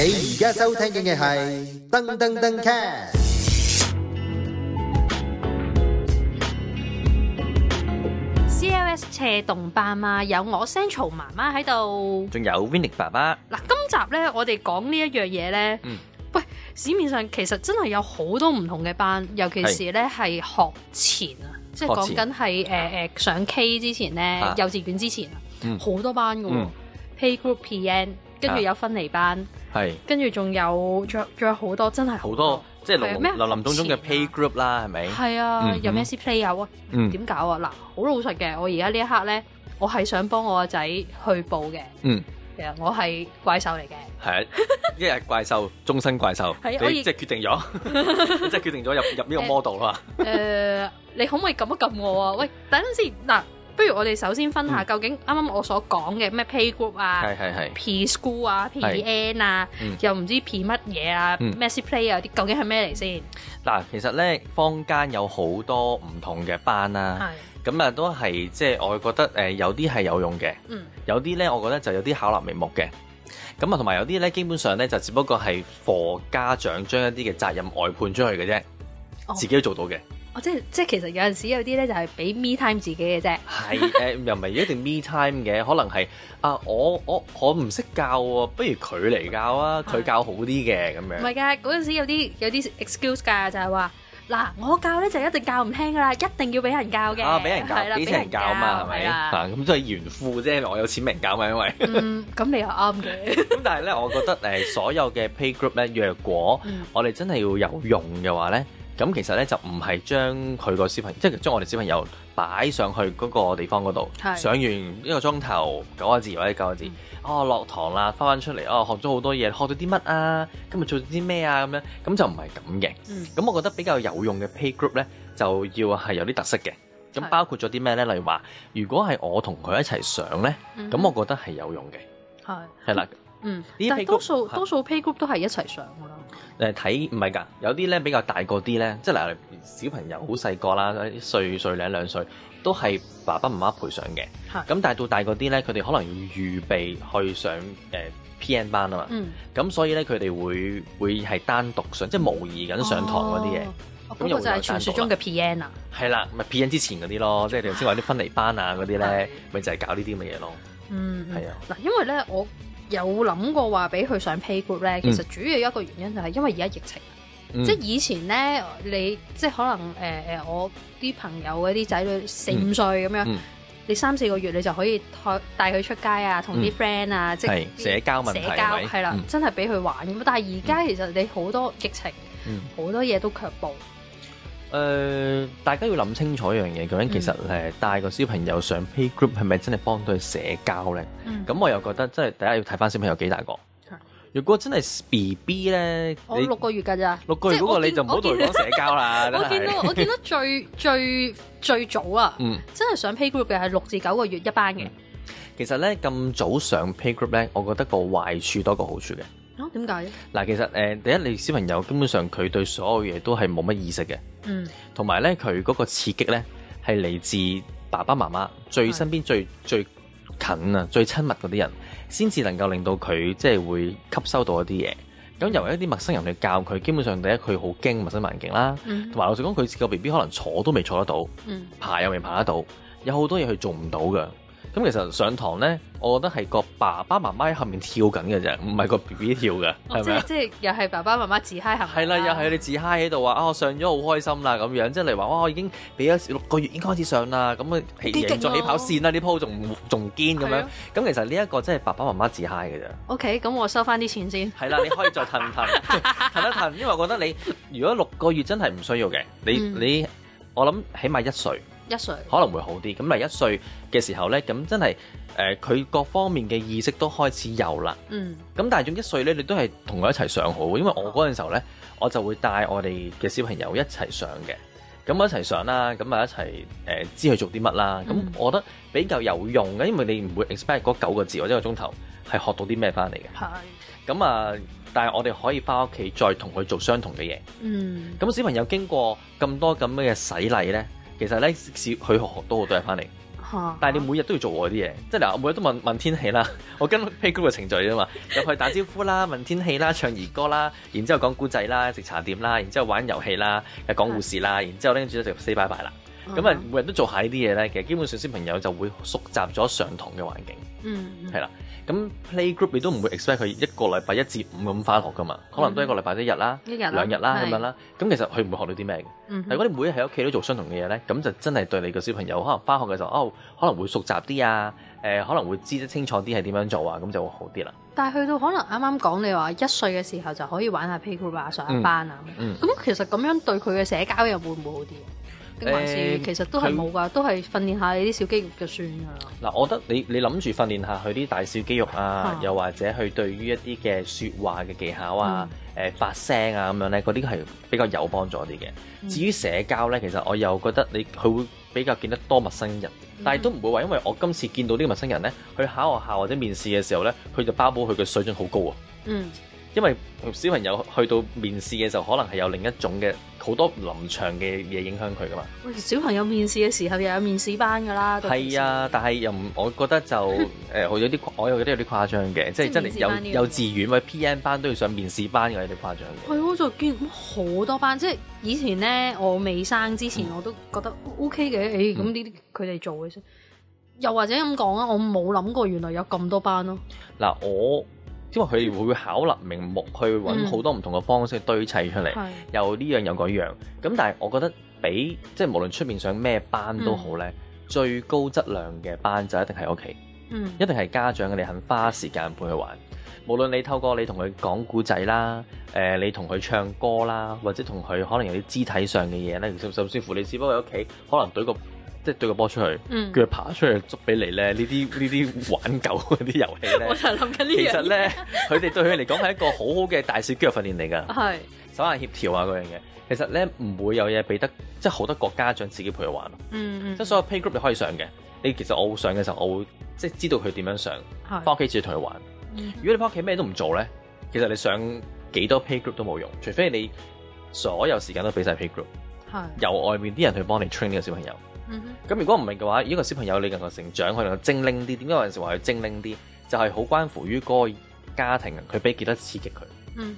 你而家收聽嘅係燈登登 cast CLS 斜動班啊，有我 Central 媽媽喺度，仲有 Vinny 爸爸。嗱，今集咧我哋講呢一樣嘢咧，嗯、喂，市面上其實真係有好多唔同嘅班，尤其是咧係學前啊，是即係講緊係誒誒上 K 之前咧，啊、幼稚園之前好、嗯、多班噶、嗯、，Play group P N。跟住有分離班，係跟住仲有，仲有好多，真係好多，即係林林林林總總嘅 play group 啦，係咪？係啊，有咩先 play 啊？點搞啊？嗱，好老實嘅，我而家呢一刻咧，我係想幫我個仔去報嘅。嗯，其實我係怪獸嚟嘅。係，一日怪獸，終身怪獸。係，你即係決定咗，即係決定咗入入呢個 model 啦。誒，你可唔可以撳一撳我啊？喂，等陣先，嗱。不如我哋首先分下，究竟啱啱我所講嘅咩 play group 啊，P school 啊，PN 啊，又唔知 P 乜嘢啊，mass play 啊啲，究竟係咩嚟先？嗱，其實咧，坊間有好多唔同嘅班啦，啊，咁啊是都係即係我覺得誒有啲係有用嘅，嗯、有啲咧我覺得就有啲巧立名目嘅，咁啊同埋有啲咧基本上咧就只不過係畀家長將一啲嘅責任外判出去嘅啫，哦、自己都做到嘅。即係即係，其實有陣時有啲咧就係俾 me time 自己嘅啫。係誒，又唔係一定 me time 嘅，可能係啊，我我我唔識教喎，不如佢嚟教啊，佢教好啲嘅咁樣。唔係㗎，嗰陣時有啲有啲 excuse 㗎，就係話嗱，我教咧就一定教唔聽㗎啦，一定要俾人教嘅。啊，俾人教，俾人教啊嘛，係咪啊？咁都係炫富啫，我有錢俾人教嘛，因為嗯，咁你又啱嘅。咁但係咧，我覺得誒，所有嘅 play group 咧，如果我哋真係要有用嘅話咧。咁其實咧就唔係將佢個小朋友，即係將我哋小朋友擺上去嗰個地方嗰度，係。上完一個鐘頭九個字或者九個字，哦落堂啦，翻返出嚟，哦學咗好多嘢，學到啲乜啊？今日做咗啲咩啊？咁樣咁就唔係咁嘅。嗯，咁我覺得比較有用嘅 play group 咧，就要係有啲特色嘅。咁包括咗啲咩咧？係。例如話，如果係我同佢一齊上咧，嗯，咁我覺得係有用嘅。係係啦。係。嗯，但係多數多數 pay group 都係一齊上噶啦。誒，睇唔係噶，有啲咧比較大個啲咧，即係例如小朋友好細個啦，歲歲兩兩歲，都係爸爸媽媽陪上嘅。咁但係到大個啲咧，佢哋可能要預備去上誒 P N 班啊嘛。嗯。咁所以咧，佢哋會會係單獨上，即係模擬緊上堂嗰啲嘢。咁就係傳說中嘅 P N 啊？係啦，咪 P N 之前嗰啲咯，即係你頭先話啲分離班啊嗰啲咧，咪就係搞呢啲咁嘅嘢咯。嗯。係啊。嗱，因為咧我。有諗過話俾佢上 play group 咧，其實主要一個原因就係因為而家疫情，嗯即，即係以前咧，你即係可能誒誒、呃，我啲朋友嗰啲仔女四五歲咁樣，嗯、你三四個月你就可以帶帶佢出街啊，同啲 friend 啊，嗯、即係社交問題，社交係啦，吧真係俾佢玩咁。但係而家其實你好多疫情，好、嗯、多嘢都卻步。誒，大家要諗清楚一樣嘢，究竟其實誒帶個小朋友上 play group 係咪真係幫到佢社交咧？咁我又覺得，即係大家要睇翻小朋友幾大個。如果真係 B B 咧，我六個月噶咋？六個月嗰個你就唔好同佢講社交啦。我見到我見到最最最早啊，真係上 play group 嘅係六至九個月一班嘅。其實咧咁早上 play group 咧，我覺得個壞處多過好處嘅。啊，點解？嗱，其實誒，第一你小朋友基本上佢對所有嘢都係冇乜意識嘅。嗯，同埋咧，佢嗰個刺激咧，係嚟自爸爸媽媽最身邊最是的 最近啊，最親密嗰啲人，先至能夠令到佢即係會吸收到一啲嘢。咁由一啲陌生人去教佢，基本上第一佢好驚陌生環境啦，同埋、嗯、老實講，佢自己個 B B 可能坐都未坐得到，嗯、爬又未爬得到，有好多嘢佢做唔到嘅。咁其實上堂咧，我覺得係個爸爸媽媽喺後面跳緊嘅啫，唔係個 B B 跳嘅，係、哦、咪啊？即係即係又係爸爸媽媽自嗨 i 係啦，又係你自嗨喺度話啊，我上咗好開心啦咁樣，即係嚟話哇，我已經俾咗六個月已經開始上啦，咁啊，贏在起跑線啦，呢鋪仲仲堅咁樣。咁其實呢一個真係爸爸媽媽自嗨嘅啫。O K，咁我收翻啲錢先。係啦，你可以再騰騰騰一騰， 因為我覺得你如果六個月真係唔需要嘅，你、嗯、你我諗起碼一歲。一歲可能會好啲，咁嚟一歲嘅時候呢，咁真係誒佢各方面嘅意識都開始有啦。嗯，咁但係總之一歲呢，你都係同佢一齊上好，因為我嗰陣時候呢，嗯、我就會帶我哋嘅小朋友一齊上嘅。咁我一齊上啦，咁啊一齊誒、呃、知佢做啲乜啦。咁我覺得比較有用嘅，因為你唔會 expect 嗰九個字或者一個鐘頭係學到啲咩翻嚟嘅。係咁啊，但係我哋可以翻屋企再同佢做相同嘅嘢。嗯，咁小朋友經過咁多咁嘅洗禮呢。其實咧，佢學學多好多嘢翻嚟， 但係你每日都要做嗰啲嘢，即係嗱，我每日都問問天氣啦，我跟 play group 嘅程序啫嘛，入去打招呼啦， 問天氣啦，唱兒歌啦，然之後講故仔啦，食茶點啦，然之後玩遊戲啦，又講故事啦，然之後咧跟住就 say bye bye 啦，咁啊， 每日都做下呢啲嘢咧，其實基本上小朋友就會熟習咗上堂嘅環境，嗯，係 啦樂。咁 playgroup 你都唔會 expect 佢一個禮拜一至五咁返學㗎嘛？可能都一個禮拜一日啦，兩日啦咁樣啦。咁其實佢唔會學到啲咩嘅。嗯、哼但係如果你每日喺屋企都做相同嘅嘢呢，咁就真係對你個小朋友可能返學嘅時候，哦可能會熟習啲啊，誒可能會知得清楚啲係點樣做啊，咁就會好啲啦。但係去到可能啱啱講你話一歲嘅時候就可以玩下 playgroup 啊，上一班啊，咁、嗯嗯、其實咁樣對佢嘅社交又會唔會好啲？是其實都係冇㗎，呃、都係訓練下啲小肌肉嘅算啦。嗱、呃，我覺得你你諗住訓練下佢啲大小肌肉啊，啊又或者佢對於一啲嘅説話嘅技巧啊、誒、嗯呃、發聲啊咁樣咧，嗰啲係比較有幫助啲嘅。嗯、至於社交咧，其實我又覺得你佢會比較見得多陌生人，嗯、但係都唔會話，因為我今次見到呢啲陌生人咧，去考學校或者面試嘅時候咧，佢就包保佢嘅水準好高啊。嗯。因為小朋友去到面試嘅時候，可能係有另一種嘅好多臨場嘅嘢影響佢噶嘛。喂，小朋友面試嘅時候又有面試班噶啦。係啊，但係又唔，我覺得就誒 有啲，我又覺得有啲誇張嘅，即係真係幼幼稚園或者 PN 班都要上面試班的，嘅。有啲誇張。係、啊，我就見咁好多班，即係以前咧我未生之前，我都覺得 O K 嘅。誒、嗯，咁呢啲佢哋做嘅，先、嗯，又或者咁講啊，我冇諗過原來有咁多班咯、啊。嗱、啊，我。因為佢哋會考慮佢會巧立名目去揾好多唔同嘅方式堆砌出嚟，嗯、又呢樣又嗰樣咁。但係我覺得比即係無論出面上咩班都好呢、嗯、最高質量嘅班就一定係屋企，嗯、一定係家長你肯花時間陪佢玩。無論你透過你同佢講故仔啦，誒、呃、你同佢唱歌啦，或者同佢可能有啲肢體上嘅嘢呢，甚甚至乎你只不過喺屋企可能對個。即係對個波出去，腳爬出去捉俾你咧，呢啲呢啲玩狗嗰啲遊戲咧。 我就諗緊呢其實咧，佢哋 對佢嚟講係一個好好嘅大小肌肉訓練嚟噶。係是手眼協調啊，嗰樣嘢。其實咧唔會有嘢俾得，即係好多個家長自己陪佢玩咯。嗯、即、嗯、係所有 play group 你可以上嘅，你其實我上嘅時候，我會即係、就是、知道佢點樣上，翻屋企自己同佢玩。嗯、如果你翻屋企咩都唔做咧，其實你上幾多 play group 都冇用，除非你所有時間都俾晒 play group 是。由外面啲人去幫你 train 呢個小朋友。咁、嗯、如果唔係嘅話，呢個小朋友你認為成長佢能夠精靈啲？點解有陣時話佢精靈啲？就係、是、好關乎於嗰個家庭，佢俾幾多刺激佢。嗯，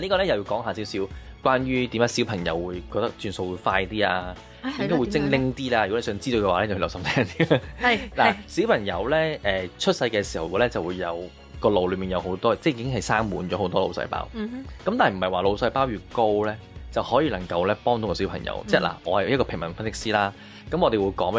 呢個呢，又要講下少少關於點解小朋友會覺得轉數會快啲啊？點解、哎、呀會精靈啲啦？如果你想知道嘅話呢就留心聽啲是 啦。嗱是，小朋友呢，呃、出世嘅時候呢，就會有個腦裏面有好多，即係已經係生滿咗好多腦細胞。咁、嗯、哼但係唔係話腦細胞越高呢，就可以能夠呢幫到個小朋友？嗯、即係嗱，我係一個平民分析師啦。咁我哋會講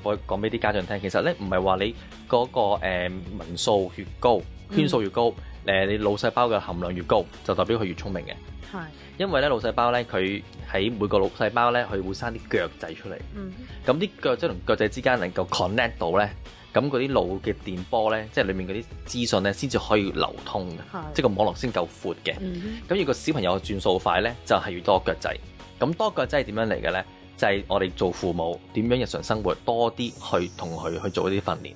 俾講俾啲家長聽，其實咧唔係話你嗰，那個誒文數越高，圈數越高，嗯呃、你腦細胞嘅含量越高，就代表佢越聰明嘅。是因為咧腦細胞咧佢喺每個腦細胞咧佢會生啲腳仔出嚟。嗯。咁啲腳即同腳仔之間能夠 connect 到咧，咁嗰啲腦嘅電波咧，即係裏面嗰啲資訊咧，先至可以流通嘅，是即係個網絡先夠闊嘅。咁、嗯、哼如果小朋友轉數快咧，就係、是、越多腳仔。咁多腳仔係點樣嚟嘅咧？就係我哋做父母點樣日常生活多啲去同佢去做啲訓練。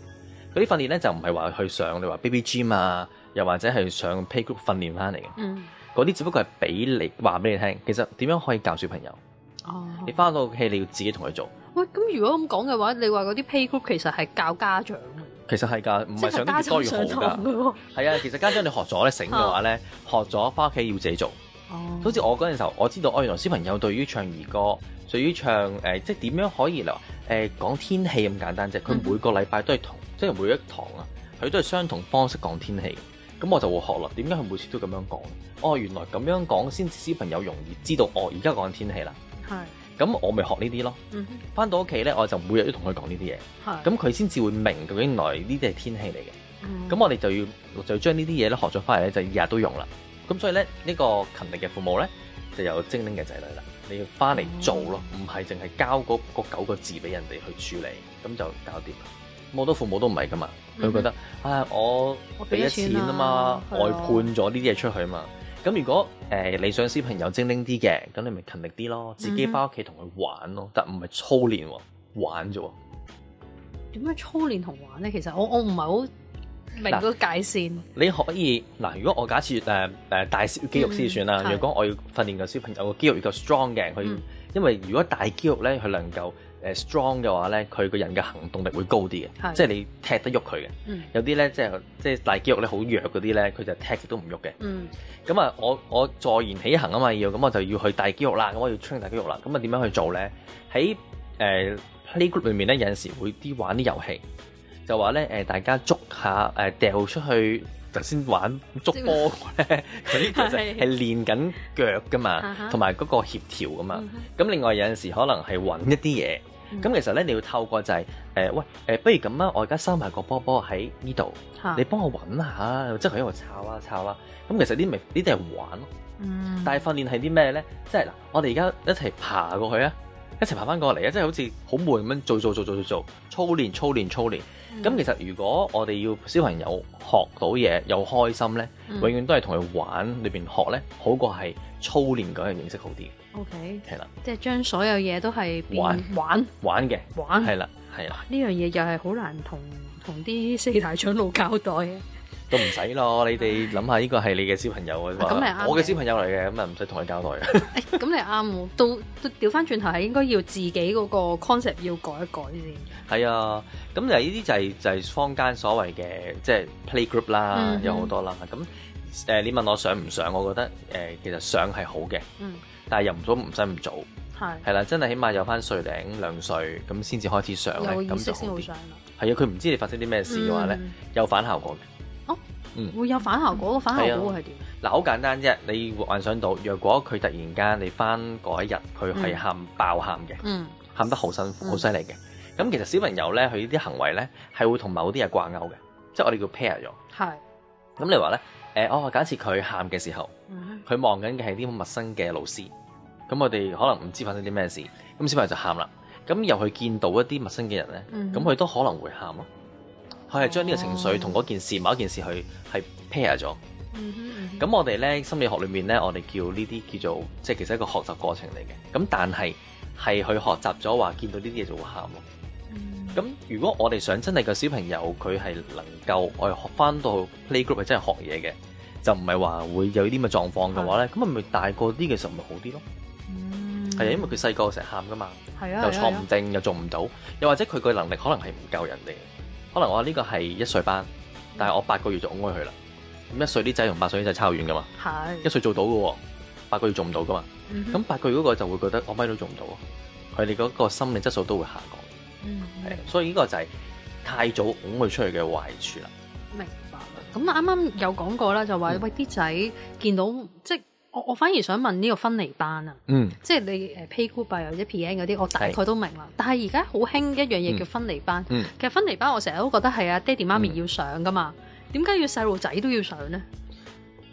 嗰啲訓練咧就唔係話去上你話 BB gym 啊，又或者係上 play group 訓練翻嚟嘅。嗯，嗰啲只不過係俾你話俾你聽，其實點樣可以教小朋友。哦，你翻到屋企你要自己同佢做。喂，咁如果咁講嘅話，你話嗰啲 play group 其實係教家長嘅，其實係㗎，唔係上越多越好㗎。係啊， 其實家長你學咗咧醒嘅話咧，好學咗翻屋企要自己做。哦，好似我嗰陣時候我知道，我原來小朋友對於唱兒歌。就於唱誒、呃，即係點樣可以嚟話誒講天氣咁簡單啫？佢每個禮拜都係同、嗯哼。即係每一堂啊，佢都係相同方式講天氣。咁我就會學咯。點解佢每次都咁樣講？哦，原來咁樣講先至小朋友容易知道哦。而家講緊天氣啦。係。咁我咪學呢啲咯。嗯哼。翻到屋企咧，我就每日都同佢講呢啲嘢。係是。咁佢先至會明究竟原來呢啲係天氣嚟嘅。嗯。咁我哋就要就將呢啲嘢咧學咗翻嚟咧，就日日都用啦。咁所以咧，呢、這個勤力嘅父母咧，就有精靈嘅仔女啦。你要翻嚟做咯，唔係淨係交嗰九個字俾人哋去處理，咁就搞掂。咁好多父母都唔係噶嘛，佢覺得唉，我俾咗錢啊了嘛，外判咗呢啲嘢出去啊嘛。咁如果誒你想小朋友精靈啲嘅，咁你咪勤力啲咯，自己翻屋企同佢玩咯，嗯、哼但唔係操練喎，玩啫喎。點解操練同玩咧？其實我我唔係好。明個解線，你可以嗱，如果我假設誒誒、呃、大肌肉先算啦，嗯、如果我要訓練個小朋友個、嗯、肌肉要夠 strong 嘅，佢、嗯、因為如果大肌肉咧佢能夠誒、uh, strong 嘅話咧，佢個人嘅行動力會高啲嘅，嗯、即係你踢得喐佢嘅。嗯、有啲咧即係即係大肌肉咧好弱嗰啲咧，佢就踢都唔喐嘅。咁啊、嗯，我我坐言起行啊嘛要，咁我就要去大肌肉啦，咁我要 training 大肌肉啦。咁啊點樣去做咧？喺誒、呃、playgroup 裏面咧，有陣時會啲玩啲遊戲。就話咧大家捉下誒掉出去，頭先玩捉波呢佢其實係練緊腳噶嘛，同埋嗰個協調噶嘛。咁、uh huh. 另外有陣時可能係揾一啲嘢。咁、uh huh. 其實咧你要透過就係、是呃、喂、呃、不如咁、uh huh. 就是、啊，我而家收埋個波波喺呢度，你幫我揾下，即係喺度摷啊摷啊。咁、啊、其實、啊 uh huh. 呢咪呢啲係玩咯。嗯。但係訓練係啲咩咧？即係嗱，我哋而家一齊爬過去啊，一齊爬翻過嚟啊，即、就、係、是、好似好悶咁樣做做做做做做，操練操練操練。操練。咁其實如果我哋要小朋友學到嘢又開心咧，嗯、永遠都係同佢玩裏邊學咧，好過係操練嗰樣形式好啲。OK，係啦的，即係將所有嘢都係玩玩玩嘅的，係啦係啦。呢樣嘢又係好難同同啲四大長老交代嘅。都唔使咯，你哋諗下，呢個係你嘅小朋友唉我嘅小朋友嚟嘅，咁咪唔使同佢交代啊、哎。咁你啱喎，都調翻轉頭係應該要自己嗰個 concept 要改一改先。係啊、嗯，咁嚟呢啲就係、是、就係、是、坊間所謂嘅即係 play group 啦，有好多啦。咁、嗯呃、你問我上唔上，我覺得、呃、其實上係好嘅，嗯、但係又唔早唔使咁早，係係是啦，真係起碼有翻歲零兩歲咁先至開始上咁先好，好上啦。係啊、嗯，佢唔知你發生啲咩事嘅話咧，有反效果嘅。嗯、會有反效果，個、嗯、反效果會係點？嗱、嗯，好簡單啫，你會幻想到若果佢突然間你返嗰一日，佢係喊爆喊嘅，喊、嗯、得好辛苦、好犀利嘅。咁其實小朋友咧，佢啲行為咧係會同某啲嘢掛鈎嘅，即係我哋叫 pair 咗。係是。咁你話咧，誒、哦，我假設佢喊嘅時候，佢望緊嘅係啲陌生嘅老師，咁我哋可能唔知道發生啲咩事，咁小朋友就喊啦。咁又去見到一啲陌生嘅人咧，咁佢、嗯、哼都可能會喊咯、啊。佢係將呢個情緒同嗰件事、oh. 某一件事去係 pair 咗。咁、mm hmm, mm hmm. 我哋咧，心理學裏面咧，我哋叫呢啲叫做即係其實一個學習過程嚟嘅。咁但係係去學習咗話見到呢啲嘢就會喊咯。咁、mm hmm. 如果我哋想真係個小朋友佢係能夠我哋學翻到 playgroup 係真係學嘢嘅，就唔係話會有啲咁嘅狀況嘅話咧，咁咪咪大個啲嘅時候咪好啲咯。係啊、mm，hmm. 因為佢細個成日喊噶嘛，mm hmm. 又坐唔定又做唔到，mm hmm. 又或者佢個能力可能係唔夠人哋。可能我呢個係一歲班，但係我八個月就拱開佢啦。咁一歲啲仔同八歲啲仔差好遠㗎嘛？係是一歲做到㗎喎，八個月做唔到㗎嘛？咁、嗯、哼八個月嗰個就會覺得我咩都做唔到，佢哋嗰個心理質素都會下降。嗯，係，所以呢個就係太早拱佢出去嘅壞處啦。明白。咁啱啱有講過啦，就話、嗯、喂啲仔見到即我我反而想問呢個分離班啊，嗯、即係你 play group、啊或者 PN 嗰啲，我大概都明啦。是但係而家好興一樣嘢叫分離班，嗯、其實分離班我成日都覺得係啊爹哋媽咪要上噶嘛，點解、嗯、要細路仔都要上咧？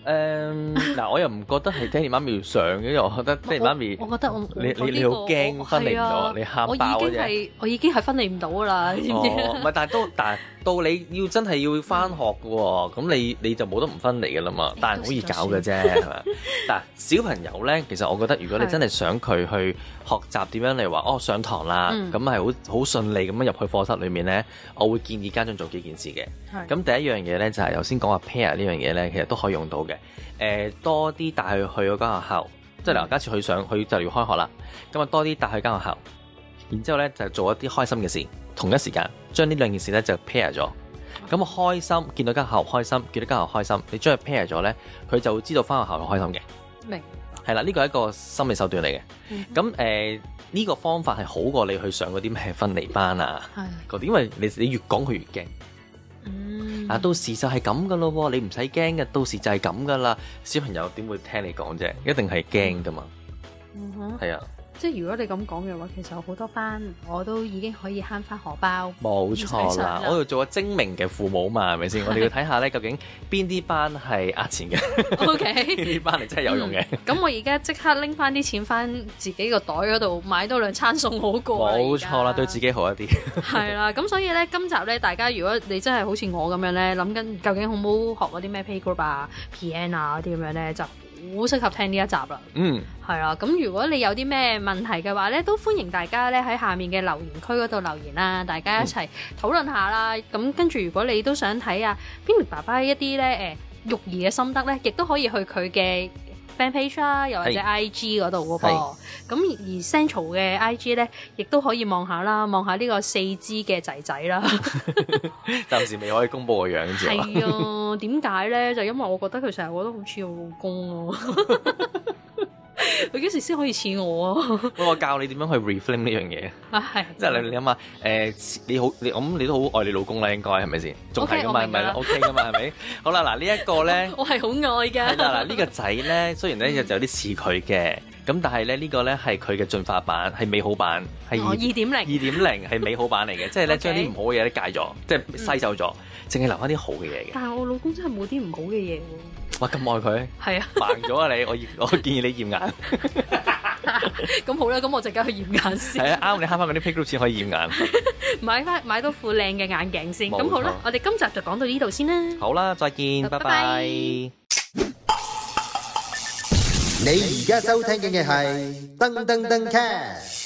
誒嗱，我又唔覺得係爹哋媽咪要上嘅，因為我覺得爹哋媽咪，我覺得我你你你好驚分離到你喊爆嗰隻，我已經係我已經係分離唔到噶啦，知唔知？唔係，但係都但係到你要真係要翻學嘅喎，咁你你就冇得唔分離嘅啦嘛，但係好易搞嘅啫，係咪啊？嗱，小朋友咧，其實我覺得如果你真係想佢去學習點樣嚟話，哦上堂啦，咁係好好順利咁樣入去課室裏面咧，我會建議家長做幾件事嘅。咁第一樣嘢咧就係頭先講話 pair 呢樣嘢咧，其實都可以用到。嘅，誒、呃、多啲帶佢去嗰間學校，嗯、即係嗱，假設佢上佢就要，要開學啦，咁啊多啲帶去間學校，然之後咧就做一啲開心嘅事，同一時間將呢兩件事咧就 pair 咗，咁開心見到間學校開心，見到間學校開心，你將佢 pair 咗咧，佢就會知道翻學校開心嘅，明係白啦，呢、呢個係一個心理手段嚟嘅，咁誒呢個方法係好過你去上嗰啲咩分離班啊，嗰啲的，因為你你越講佢越驚。嗱，到時就係咁㗎咯喎，你唔使驚嘅，到時就係咁㗎啦。小朋友點會聽你講啫？一定係驚㗎嘛，嗯哼，係啊。即係如果你咁講嘅話，其實有好多班我都已經可以慳翻荷包。冇錯啦，水水我要做個精明嘅父母嘛，係咪先？ 我哋要睇下咧，究竟邊啲班係呃錢嘅？OK，呢 班嚟真係有用嘅。咁、嗯、我而家即刻拎翻啲錢翻自己個袋嗰度買多兩餐餸好過。冇錯啦，在對自己好一啲。係 啦，咁所以咧，今集咧，大家如果你真係好似我咁樣咧，諗緊究竟好唔好學嗰啲咩 Play group 啊、PN 啊嗰啲咁樣咧就。好適合聽呢一集啦，嗯，係啦，咁如果你有啲咩問題嘅話呢，都歡迎大家呢喺下面嘅留言區嗰度留言啦，大家一齊討論下啦。咁、嗯、跟住如果你都想睇啊 p i 爸爸一啲呢誒育、呃、兒嘅心得呢，亦都可以去佢嘅。Fan page 啦、啊，又或者 IG 嗰度嘅噃，咁是而 Central 嘅 IG 咧，亦都可以望下啦，望下呢個四枝嘅仔仔啦。 暫時未可以公布個樣啫。係啊，點解咧？就因為我覺得佢成日覺得好似我老公咯、啊。 佢幾時先可以似我啊？我教你點樣去 reframe 呢樣嘢啊，係，即係你你諗下，誒你好你咁你都好愛你老公啦，應該係咪先？仲係咁嘛，唔係啦，OK 噶嘛，係咪？好啦，嗱呢一個咧，我係好愛㗎。係啦，嗱呢個仔咧，雖然咧就有啲似佢嘅，咁但係咧呢個咧係佢嘅進化版，係美好版，係二點零，二點零係美好版嚟嘅，即係咧將啲唔好嘅嘢都戒咗，即係篩走咗，淨係留翻啲好嘅嘢嘅。但係我老公真係冇啲唔好嘅嘢。哇！咁愛佢，係啊，盲咗啊你！我我建議你驗眼，咁好啦，咁我陣間去驗眼先。係啊，啱你慳翻嗰啲 piggy 錢可以驗眼，買翻買到副靚嘅眼鏡先。咁好啦，我哋今集就講到呢度先啦。好啦，再見，拜拜。你而家收聽緊嘅係噔噔噔 cast。